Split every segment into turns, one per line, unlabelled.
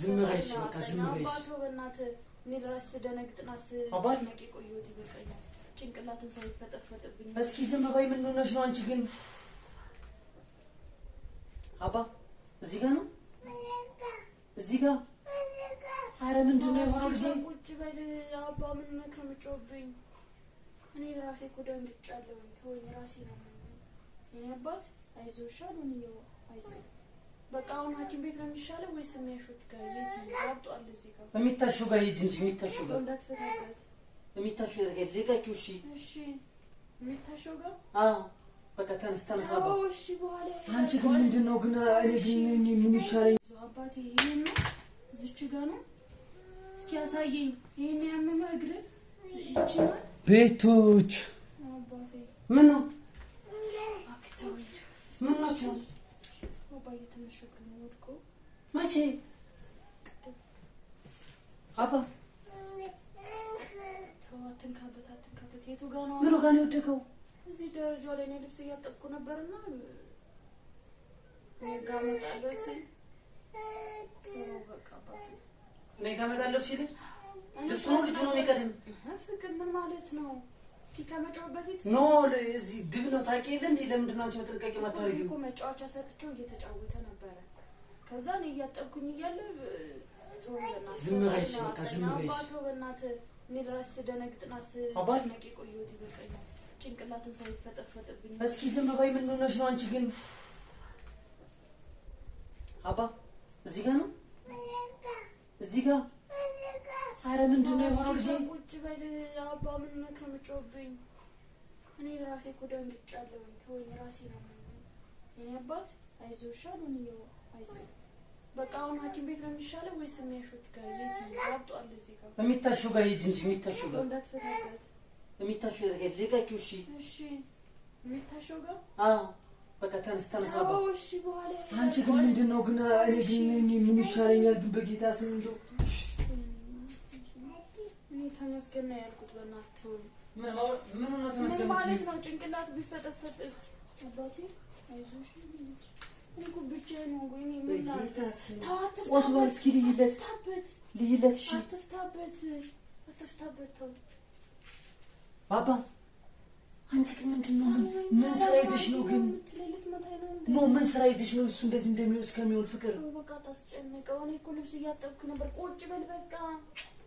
ዝም በይሽ፣ በቃ ዝም በይሽ። እስኪ ዝም በይ። ምን ሆነሽ ነው አንቺ? ግን አባ እዚህ ጋር ነው እዚህ ጋር። አረ ምንድን ነው የሆነው ልጄ?
ቁጭ በል አባ። ምን ነክ ነው እኔ ራሴ እኮ ደንግጫለሁ። ተወኝ፣ ራሴ ነው አባት። አይዞሽ በቃ አሁን ሐኪም ቤት ነው የሚሻለው ወይስ የሚያሹት ጋር ይሄድ ያጣል? እዚህ ጋር
የሚታሹ ጋር ይሄድ እንጂ የሚታሹ ጋር ልቀቂው። እሺ፣
እሺ፣ የሚታሹ ጋር
አዎ። በቃ ተነስ፣ ተነስ እሺ፣ በኋላ አንቺ ግን ምንድን ነው ግን እኔ ግን ምን ይሻለኝ?
አባቴ ነው እዚች ጋር ነው። እስኪ ያሳየኝ። ይሄን ያመመ እግር
ቤቶች ምን ነው አክተውኝ ምን
እየተመሸኩ ነው ወድቆ
መቼ አባ
ተው አትንካበት አትንካበት የቱ ጋ ነው
ምኑ ጋ ነው የወደቀው
እዚህ ደረጃ ላይ ነው ልብስ እያጠብኩ ነበርና ጋ እመጣለሁ ሲል
እኔ ጋ እመጣለሁ ሲል ልብሱ ነው ልጁ ነው የሚቀድም
ፍቅር ምን ማለት ነው
ኖ እዚህ ድብ ነው ታውቂ የለ እንዴ? ለምንድን ነው አንቺ በጥንቃቄ ማታረጊው?
እኮ መጫወቻ ሰጥቼው እየተጫወተ ነበረ። ከዛ ነው እያጠብኩኝ እያለ
ዝም በይሽ፣ በቃ ዝም በይሽ።
በእናትህ እኔ እራሴ ስደነግጥና ስጨነቅ የቆየሁት ይበቃኛል። ጭንቅላቱን ሳይፈጠፈጥብኝ
እስኪ ዝም በይ። ምን ሆነሽ ነው አንቺ ግን? አባ እዚህ ጋር ነው እዚህ ጋር። ኧረ ምንድን ነው የሆነው ልጄ?
አባ ምን ነክ ነው እኔ ራሴ እኮ ደንግጫለሁ። ተወኝ፣ ራሴ ነው አባት። አይዞሽ በቃ አሁን ሐኪም ቤት ነው የሚሻለው ወይስ የሚያሹት ጋር የት አብጧል እዚህ ጋር
የሚታሹ ጋር እንጂ የሚታሹ ጋር
እንዳትፈታበት።
የሚታሹ ጋር ልቀቂው። እሺ፣
እሺ፣ የሚታሹ ጋር
አዎ። በቃ ተነስ ተነስ። አባ አንቺ ግን ምንድን ነው ግን እኔ ግን ምን ይሻለኛል ግን በጌታ ስም እንደው
ተመስገን ነው ያልኩት። በእናትህ
ምን ሆነ ተመስገን
ማለት ነው? ጭንቅላት ቢፈጠፈጥስ? አባቴ አይዞሽ ብቻዬን ሆንኩኝ። ምን ላድርግ? ተው
እስኪ ልይለት፣ ልይለት። እሺ
አትፍታበት፣ አትፍታበት። ተው
ባባ አንቺ ግን ምንድን ነው? ምን ስራ ይዘሽ ነው ግን? ኖ ምን ስራ ይዘሽ ነው? እሱ እንደዚህ እንደሚሆን እስከሚሆን ፍቅር
በቃ ታስጨንቀው። እኔ እኮ ልብስ እያጠብኩ ነበር። ቁጭ በል በቃ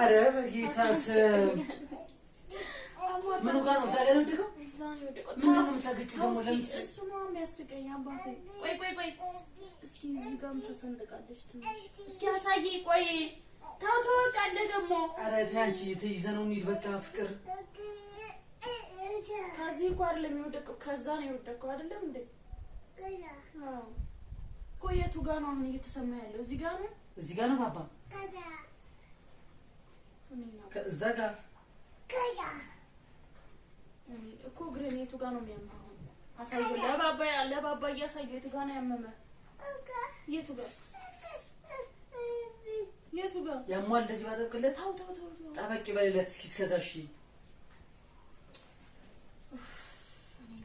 አረ በጌታ ስም ምኑ ጋር ነው ዛሬ የወደቀው? ምንድን ነው የምታገችው ደግሞ? ለምን
እሱ ነው የሚያስቀኝ አባቴ። ቆይ ቆይ ቆይ፣ እስኪ እዚህ ጋርም ተሰንጥቃለች ትንሽ። እስኪ አሳይ። ቆይ ተው፣ ትወርቃለህ ደግሞ።
አረ ተይ አንቺ፣ ተይዘህ ነው እንሂድ በቃ ፍቅር።
ከዚህ እኮ አይደለም የወደቀው፣ ከዛ ነው የወደቀው። አይደለም እንዴ? ቆየቱ ጋር ነው አሁን እየተሰማ ያለው። እዚህ ጋር ነው፣
እዚህ ጋር ነው ባባ እዛ ጋር
እኮ የቱ ጋር ነው አሳየው። ለባባ ለባባ እያሳየው የቱ ጋር ነው ያመመህ? የቱ ጋር የቱ ጋር ያሟል? እንደዚህ ተው ተው ተው፣
ጠበቂ በሌለት እስኪ እስከዛ። እሺ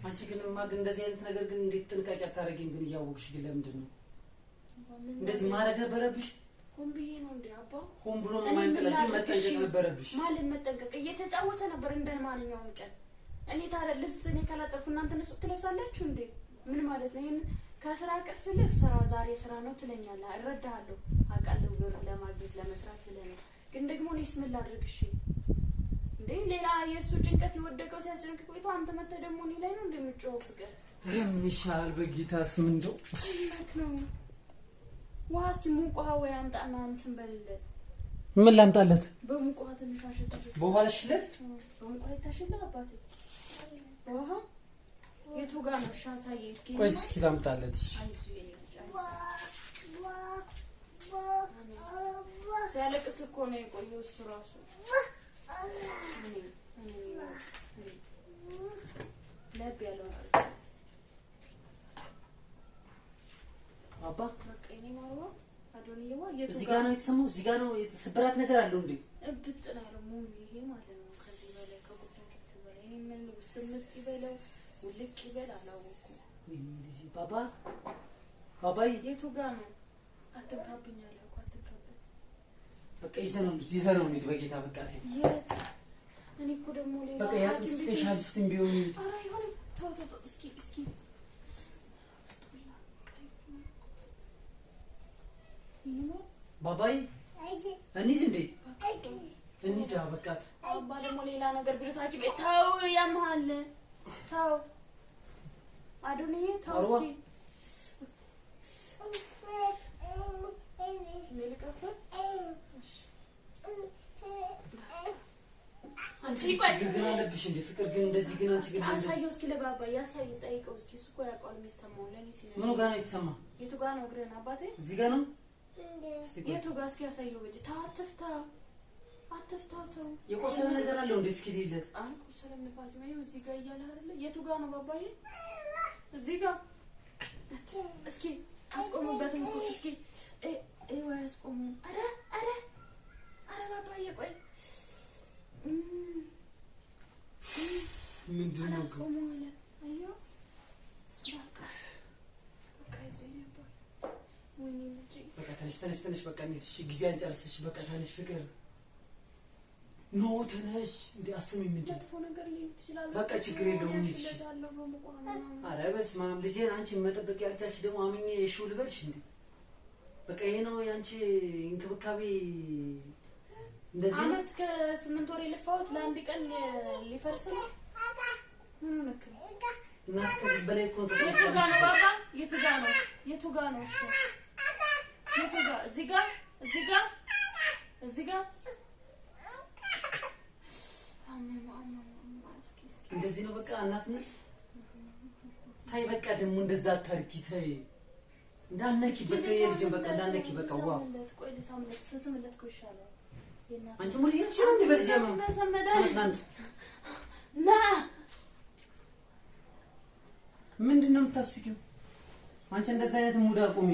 አንቺ ግን እንደዚህ አይነት ነገር ግን እንዴት ጥንቃቄ አታደርጊም? ግን እያወቅሽ ግን ለምንድን ነው እንደዚህ ማድረግ ነበረብሽ?
ሆን ብዬ ነው እንዴ? አባ
ሆን ብሎ ነው ማንጠላት። መጠንቀቅ ነበረብሽ
ማለት መጠንቀቅ። እየተጫወተ ነበር እንደ ማንኛውም ቀን። እኔ ታዲያ ልብስ እኔ ካላጠብኩ እናንተ ንጹህ ትለብሳላችሁ እንዴ? ምን ማለት ነው? ይሄን ከስራ ቅርስ ልህ ስራ ዛሬ ስራ ነው ትለኛለህ። እረዳሃለሁ፣ አውቃለሁ። ብር ለማግኘት ለመስራት ብለህ ነው። ግን ደግሞ እኔስ ምን ላድርግ? እሺ እንዴ ሌላ የእሱ ጭንቀት የወደቀው ሲያስጨንቅ ቆይቶ አንተ መተህ ደግሞ እኔ ላይ ነው እንደምጮህ ፍቅር።
ምን ይሻላል? በጌታ ስም እንደው
ነው ውሃ እስኪ ሙቅ ውሃ ወይ አምጣና እንትን በልለት።
ምን ላምጣለት?
በሙቅ ውሃ ትንሽ አሸጣለች።
በውሃ ልሽለት?
በሙቅ ውሃ ይታሽልህ አባቴ። ውሃ የቱ ጋር ነው? እሺ አሳየኝ እስኪ።
ቆይ እስኪ ላምጣለት።
ሲያለቅስ እኮ ነው የቆየው እሱ ራሱ ለብ ያለው አባ እዚህ
ጋር ነው የተሰማው። እዚህ ጋር ነው ስብራት ነገር አለው እንዴ?
እብጥ ነው ያለው ሙሉ ይሄ ማለት ነው። ከዚህ በላይ ከቁርጭምጭሚት በላይ እኔ ምን ልበል? ስምጥ ይበለው ውልቅ ይበል አላወኩም።
ባባ ባባዬ፣
የቱ ጋር ነው? አትንካብኝ አለ እኮ አትንካብኝ።
በቃ ይዘህ ነው እንሂድ። በጌታ በቃ
የት እኔ እኮ ደግሞ ሌላ
በቃ ቢሆን ኧረ
አይሆንም። ተው ተው። እስኪ እስኪ
ባባይ እንሂድ እንዴ? እንሂድ። አበቃት።
አባ ደግሞ ሌላ ነገር ቢሉት ሐኪም ቤት ተው፣ ያምሃል። ተው አዶንዬ፣ ተው እስኪ ጠይቀው እስኪ። እሱ እኮ ያውቀዋል የሚሰማውን።
ምኑ ጋር ነው የተሰማ?
የቱ ጋር ነው እግርህን? አባቴ እዚህ ጋር ነው የቱ ጋር እስኪ ያሳየው እንጂ ተው፣ አትፍታ፣ አትፍታው፣ ተው።
የቆሰለ ነገር አለው እንደ እስኪ ልሂለት።
አልቆሰለም። ንፋስ ነው እዚህ ጋር እያለ አይደለ? የቱ ጋር ነው ባባዬ? እዚህ ጋር እስኪ አትቆምበትም እኮ እስኪ እ ወይ አስቆሙም። ኧረ ኧረ ኧረ ባባዬ ቆይ
ምንድን ነው ተነሽ ተነሽ፣ በቃ እንዴት እሺ፣ ጊዜ አንጨርስሽ፣ በቃ ተነሽ ፍቅር ኖ ተነሽ። እንዴ አስም የምንጭት በቃ ችግር የለውም። እንዴ አረ በስመ አብ ልጄን አንቺ መጠበቅ ያልቻልሽ ደግሞ አምኜ እሺው ልበልሽ እንዴ? በቃ ይሄ ነው የአንቺ እንክብካቤ። እንደዚህ አመት
ከስምንት ወር የለፋሁት ለአንድ ቀን ሊፈርስ ነው። ምን ነው
እናት ከዚህ በላይ ኮንትራት
የቱ ጋ ነው? የቱ ጋ ነው? የቱ ጋ ነው? እሺ እዚህ ጋር እዚህ ጋር እዚህ ጋር
እንደዚህ ነው በቃ እናትነት። ታይ በቃ ደግሞ እንደዛ አታርጊ። ታይ እንዳነኪ በቃ የልጅ በቃ እንዳነኪ በቃ ዋው ስስምለት ምንድን ነው የምታስቂው አንቺ? እንደዛ አይነት ሙድ አቁሚ።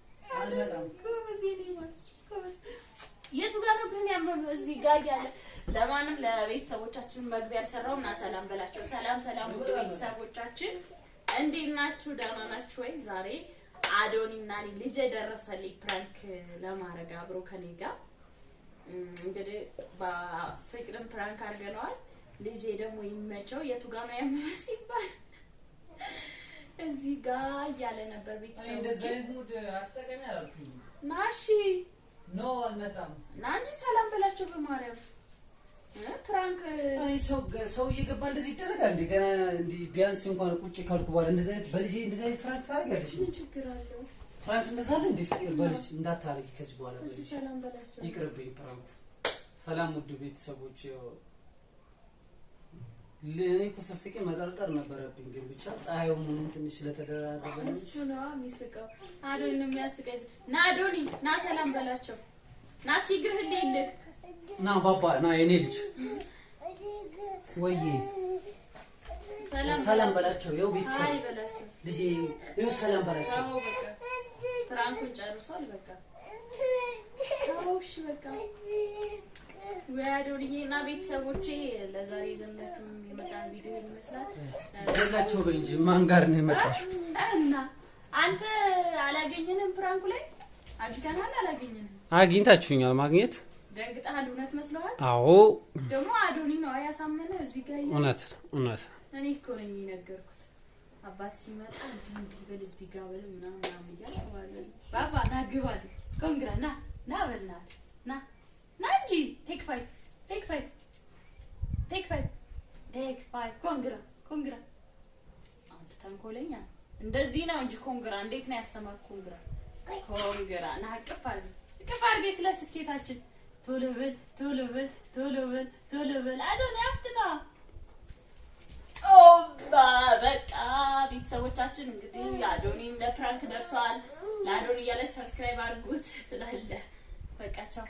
የቱ ጋር ነው ግን ያመመ? እዚህ ጋር ያለ ለማንም ለቤተሰቦቻችን መግቢያ ያልሰራው እና ሰላም በላቸው። ሰላም ሰላም፣ ውድ ቤተሰቦቻችን እንዴት ናችሁ? ደህና ናችሁ ወይ? ዛሬ አዶኒ እና ልጄ ደረሰልኝ ፕራንክ ለማድረግ አብሮ ከኔ ጋር እንግዲህ በፍቅርም ፕራንክ አድርገነዋል። ልጄ ደግሞ ይመቸው። የቱ ጋር ነው ያመመ ሲባል እዚህ ጋር እያለ ነበር ቤተሰብ።
እንደዚህ አይነት ሙድ አላልኩኝ።
ና እሺ፣
ኖ አልመጣም።
ና እንጂ ሰላም በላቸው በማርያም ፕራንክ።
ሰው ሰው እየገባ እንደዚህ ይደረጋል እንዴ? ገና እንዲህ ቢያንስ እንኳን ቁጭ ካልኩ በኋላ እንደዚህ አይነት በልጄ እንደዚህ አይነት ፕራንክ ታደርጋለሽ? ምን
ችግር አለው?
ፕራንክ እንደዛ አለ እንዴ? ፍቅር በልጅ እንዳታረጊ ከዚህ በኋላ
በልጅ
ይቅርብኝ ሰላም ውድ ቤተሰቦች ለኔ እኮ ስስቄ መጠርጠር ነበረብኝ፣ ግን ብቻ ፀሐዩ ምንም ትንሽ ስለተደራረበ ነው። እሱ
ነው የሚስቀው። አዶኒ ነው የሚያስቀኝ። ና አዶኒ ና ሰላም በላቸው። ና እስኪ ግርህ ልይልህ።
ና ባባ ና የኔ ልጅ ወይዬ ሰላም በላቸው። ያው ቤተሰብ ልጄ ይኸው ሰላም በላቸው።
ፍራንኩን ጨርሷል። በቃ አዎ፣ እሺ በቃ ወያዶልዬ እና ለዛሬ
እንጂ ማን ጋር ነው
እና አንተ አላገኘንም፣ ፕራንኩ ላይ አግኝተናል። አላገኘንም።
አግኝታችሁኛል። ማግኘት
ደንግጠሃል። እውነት መስለዋል። አዎ፣ ደግሞ አዶኒ ነው ያሳመነ እዚህ ጋር።
እውነት እውነት፣
እኔ እኮ ነኝ የነገርኩት። አባት ሲመጣ እንዲህ እንዲህ በል እዚህ ጋር በል ምናምን ምናምን እያልኩ ባባ ና ግባል ኮንግራ ና ና በልናት ና Take five. Take five. Take five. Take five. ኮንግራ ኮንግራ። አንተ ተንኮለኛ። እንደዚህ ነው እንጂ ኮንግራ። እንዴት ነው ያስተማርኩ? ኮንግራ ኮንግራ። ና እቅፍ አድርገህ እቅፍ ስለ ስኬታችን ቶሎ በል ቶሎ በል ቶሎ በል ቶሎ በል አዶን ያፍትና በቃ ቤተሰቦቻችን እንግዲህ አዶኒም ለፕራንክ ደርሰዋል። ለአዶኒ እያለች ሰብስክራይብ አድርጉት ትላለህ። በቃ ቻው።